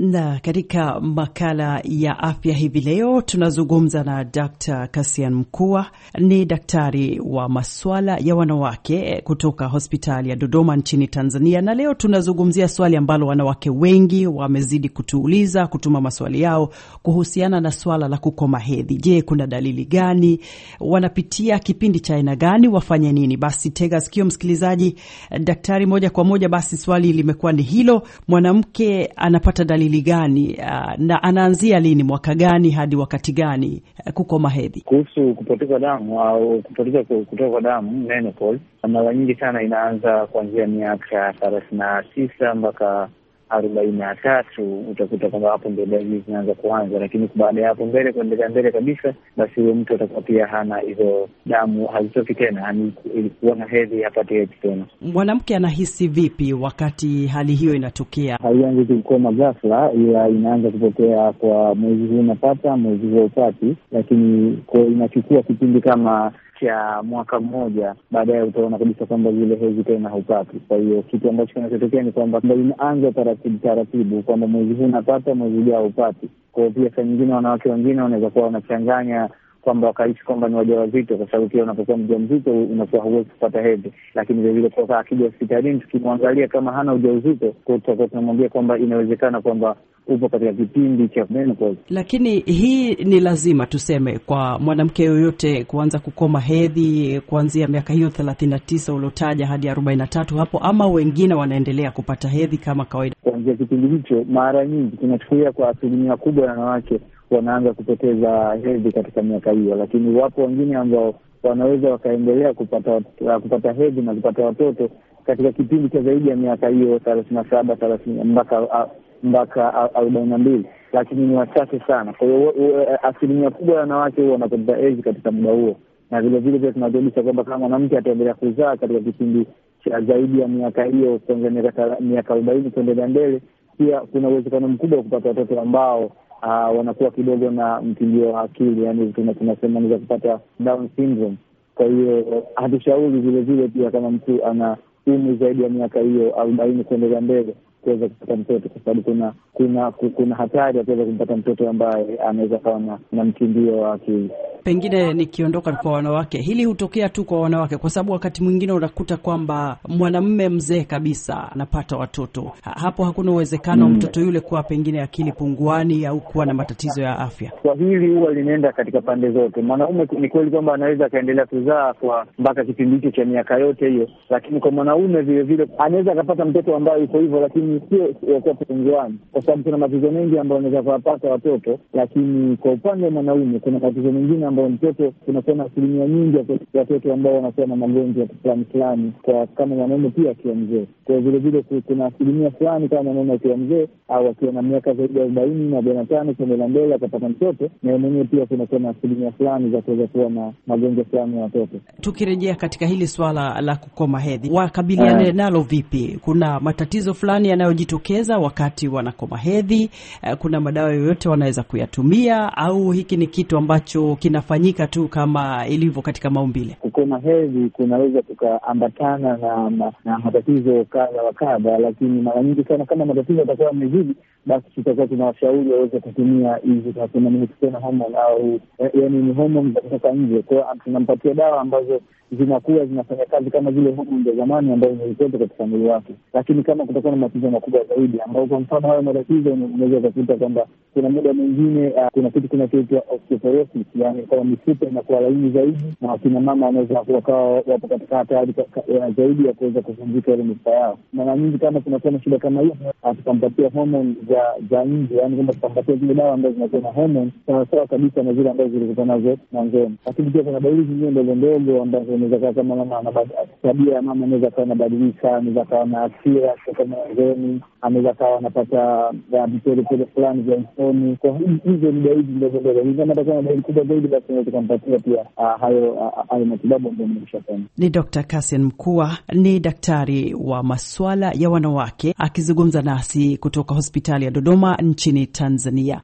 Na katika makala ya afya hivi leo tunazungumza na Dr. Kasian Mkua, ni daktari wa maswala ya wanawake kutoka hospitali ya Dodoma nchini Tanzania, na leo tunazungumzia swali ambalo wanawake wengi wamezidi kutuuliza, kutuma maswali yao kuhusiana na swala la kukoma hedhi. Je, kuna dalili gani? Wanapitia kipindi cha aina gani? Wafanye nini? Basi tega sikio, msikilizaji. Daktari, moja kwa moja basi swali limekuwa ni hilo, mwanamke anapata dalili dalili gani uh, na anaanzia lini, mwaka gani hadi wakati gani uh, kukoma hedhi? Kuhusu kupoteza damu au kupoteza kutoka kwa damu menopause, mara nyingi sana inaanza kuanzia miaka thelathini na tisa mpaka arobaini na tatu utakuta kwamba hapo ndio dawa zinaanza kuanza, lakini baada ya hapo mbele kuendelea mbele kabisa, basi huyo mtu atakuwa pia hana hizo damu, hazitoki tena, ilikuwa na hedhi, hapati hedhi tena. Mwanamke anahisi vipi wakati hali hiyo inatokea? Haianzi kukoma ghafla, ila inaanza kupotea kwa mwezi huu unapata, mwezi huo upati, lakini kwa inachukua kipindi kama cha mwaka mmoja, baadaye utaona kabisa kwamba zile hezi tena haupati. Kwa hiyo kitu ambacho kinachotokea ni kwamba imeanza taratibu taratibu, kwamba mwezi huu unapata, mwezi ujao upati. Kwa hiyo pia saa nyingine wanawake wengine wanaweza kuwa wanachanganya kwamba wakaishi kwamba ni wajawazito, kwa sababu pia unapokuwa mjamzito unakuwa hauwezi kupata hedhi. Lakini vilevile kutoka akija hospitalini, tukimwangalia kama hana ujauzito, tutakuwa tunamwambia kwamba inawezekana kwamba upo katika kipindi cha menopause. Lakini hii ni lazima tuseme, kwa mwanamke yoyote kuanza kukoma hedhi kuanzia miaka hiyo thelathini na tisa uliotaja hadi arobaini na tatu hapo, ama wengine wanaendelea kupata hedhi kama kawaida kuanzia kipindi hicho. Mara nyingi tunachukulia kwa asilimia kubwa ya wanawake wanaanza kupoteza hedhi katika miaka hiyo, lakini wapo wengine ambao wanaweza wakaendelea kupata uh, kupata hedhi na kupata watoto katika kipindi cha zaidi ya miaka hiyo thelathini na saba thelathini mpaka uh, mpaka uh, arobaini na mbili, lakini ni wachache sana. Kwa hiyo asilimia kubwa ya wanawake huwa wanapoteza hedhi katika muda huo, na vilevile pia tunajulisha kwamba kama mwanamke ataendelea kuzaa katika kipindi cha zaidi ya miaka hiyo kuanzia miaka arobaini kuendelea mbele, pia kuna uwezekano mkubwa wa kupata watoto ambao uh, wanakuwa kidogo na mtindio wa akili, yani tunasema niza kupata Down syndrome. Kwa hiyo hatushauri vilevile pia kama mtu ana umri zaidi ya miaka hiyo arobaini kuendelea mbele kuweza kupata mtoto kwa sababu kuna kuna kuna hatari ya kuweza kumpata mtoto ambaye anaweza kawa na mtindio wa akili. Pengine nikiondoka kwa wanawake, hili hutokea tu kwa wanawake, kwa sababu wakati mwingine unakuta kwamba mwanamume mzee kabisa anapata watoto. Hapo hakuna uwezekano mm, mtoto yule kuwa pengine akili punguani au kuwa na matatizo ya afya. Kwa hili huwa linaenda katika pande zote. Mwanaume ni kweli kwamba anaweza akaendelea kuzaa kwa mpaka kipindi hicho cha miaka yote hiyo, lakini kwa mwanaume vilevile anaweza akapata mtoto ambaye yuko hivyo, lakini sio akuwa punguani, kwa sababu kuna matatizo mengi ambayo anaweza kuwapata watoto, lakini kwa upande wa mwanaume kuna matatizo mengine ambayo mtoto tunasema asilimia nyingi ya watoto ambao wanakuwa na magonjwa fulani fulani, kwa kama mwanaume pia akiwa mzee. Kwa hiyo vilevile kuna asilimia fulani kama mwanaume akiwa mzee au akiwa na miaka zaidi ya arobaini na arobaini na tano kuendelea mbele akapata mtoto, naye mwenyewe pia kunakuwa na asilimia fulani za kuweza kuwa na magonjwa fulani ya watoto. Tukirejea katika hili swala la kukoma hedhi, wakabiliane eh, nalo vipi? Kuna matatizo fulani yanayojitokeza wakati wanakoma hedhi? Eh, kuna madawa yoyote wanaweza kuyatumia, au hiki ni kitu ambacho kina inafanyika tu kama ilivyo katika maumbile. Kukoma hedhi kunaweza kukaambatana na, na, na matatizo kadha wa kadha, lakini mara nyingi sana kama matatizo yatakuwa yamezidi, basi tutakuwa tunawashauri waweze kutumia hizi tunasema eh, ni homoni au yaani ni homoni za kutoka nje kwao, ah, tunampatia dawa ambazo zinakuwa zinafanya kazi kama zile homoni za zamani ambazo zilikuwepo katika mwili wake, lakini kama kutakuwa na matatizo makubwa zaidi, ambao kwa mfano hayo matatizo unaweza ukakuta kwamba kuna muda mwingine, uh, kuna kitu kinachoitwa osteoporosis, yani kwa wa mifupa inakuwa laini zaidi, na wakina mama wanaweza wakawa wapo katika hatari zaidi ya kuweza kuvunjika ile mifupa yao. Mara nyingi kama kunakuwa na shida kama hiyo, tukampatia homoni za nje, yaani kwamba tutampatia zile dawa ambazo zinakuwa na homoni sawasawa kabisa na zile ambazo zilikuwa nazo mwanzoni. Lakini pia kuna dalili zingine ndogo ndogo ambazo inaweza kaa kama mama, tabia ya mama anaweza kawa anabadilika, anaweza kawa na hasira kutoka mwanzoni, anaweza kawa anapata eh, vipelepele fulani vya usoni. Kwa hizo ni dalili ndogo ndogo, lakini kama atakuwa na dalili kubwa zaidi tunaweza pia ah, hayo ah, ah, hayo matibabu ambayo nimeshafanya. Ni Dr. Kassian Mkua, ni daktari wa masuala ya wanawake akizungumza nasi kutoka hospitali ya Dodoma nchini Tanzania.